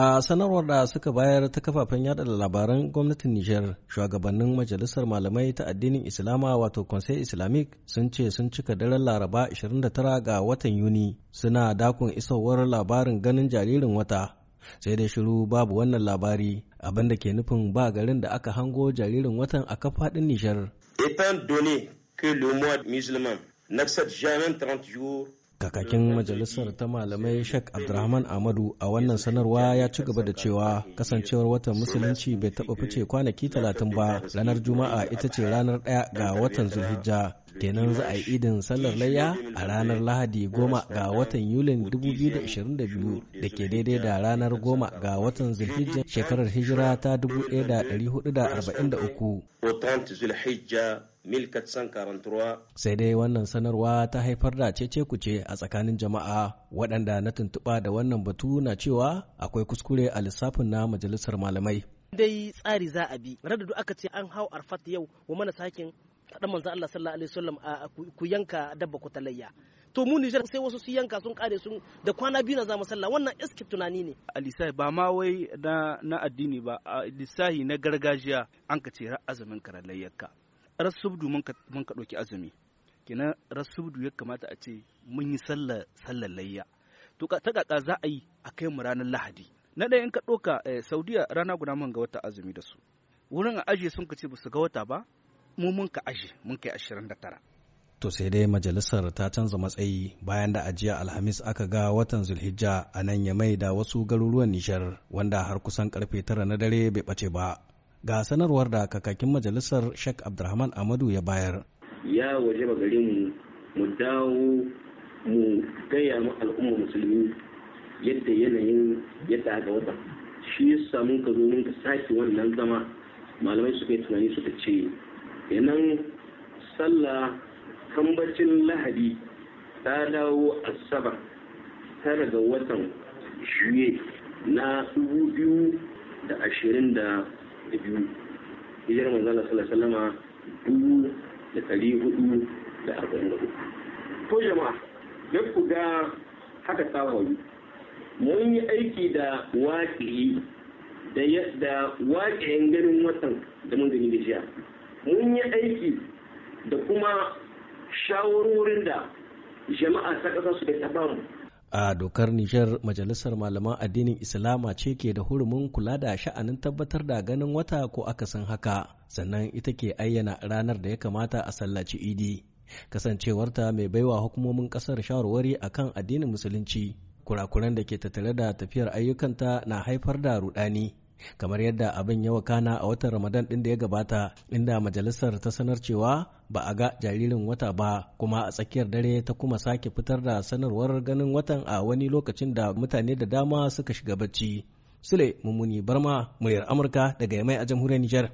A sanarwar da suka bayar ta kafafen yada labaran gwamnatin Nijar, shugabannin majalisar malamai ta addinin Islama wato Conseil Islamic sun ce sun cika daren Laraba 29 ga watan Yuni suna dakon isowar labarin ganin jaririn wata. Sai dai shiru babu wannan labari abinda ke nufin ba garin da aka hango jaririn watan a kafaɗin Nijar. Étant donné que le mois musulman n'accepte jamais 30 jours Kakakin majalisar ta malamai Sheikh Abdurrahman Ahmadu a wannan sanarwa ya ci gaba da cewa kasancewar watan musulunci bai taba fice kwanaki talatin ba ranar Juma'a ita ce ranar ɗaya ga watan Zulhijja kenan za a yi idin sallar layya a ranar lahadi goma ga watan yulin 2022 da ke daidai da ranar goma ga watan zulhijja shekarar hijira ta 1443 sai dai wannan sanarwa ta haifar da cece kuce a tsakanin jama'a waɗanda na tuntuɓa da wannan batu na cewa akwai kuskure a lissafin na majalisar malamai dai tsari za a bi radadu aka ce an hau arfat yau wa mana sakin dan manzo Allah sallallahu alaihi wasallam ku yanka dabba ku talayya to mu Nijar sai wasu su yanka sun kare sun da kwana biyu na zama sallah wannan iski tunani ne alisai ba ma wai na na addini ba lisahi na gargajiya an ka ce azumin karallayyarka rasubdu mun ka mun ka doki azumi kenan rasubdu ya kamata a ce mun yi sallah sallar layya to ta kaka za a yi a kai mu ranar lahadi na ɗaya in ka ɗauka eh, saudiya rana guda mun ga wata azumi da su wurin a ajiye sun ka ce ba su ga wata ba mu mun ka aji mun kai ashirin da tara. To sai dai majalisar ta canza matsayi bayan da ajiya Alhamis aka ga watan Zulhijja a nan ya mai da wasu garuruwan Nishar wanda har kusan karfe tara na dare bai ɓace ba. Ga sanarwar da kakakin majalisar Sheikh Abdulrahman Amadu ya bayar. Ya waje ba gare mu mu dawo mu gaya mu al'umma musulmi yadda yanayin yadda aka wata. Shi yasa mun ka zo mun ka sake wannan zama malamai suka yi tunani suka ce kenan sallah kambacin lahadi ta dawo asabar tare ga watan juye na dubu biyu da ashirin da biyu hijirar manzala salama dubu da ɗari hudu da arba'in da hudu to jama'a duk ku ga haka ta mun yi aiki da waƙi da waƙiyin ganin watan da mun gani da jiya mun yi aiki da kuma shawarorin da jama'a ta ƙasa su da ta a dokar Nijar majalisar malaman addinin Islama ce ke da hurumin kula da sha'anin tabbatar da ganin wata ko akasin haka sannan ita ke ayyana ranar da ya kamata a sallaci idi kasancewarta mai baiwa hukumomin ƙasar shawarwari a kan addinin musulunci kurakuran da ke tattare da tafiyar ayyukanta na haifar da rudani kamar yadda abin ya wakana a watan ramadan ɗin da ya gabata inda majalisar ta sanar cewa ba a ga jaririn wata ba kuma a tsakiyar dare ta kuma sake fitar da sanarwar ganin watan a wani lokacin da mutane da dama suka shiga bacci sule mummuni barma muryar amurka daga yamai a jamhuriyar nijar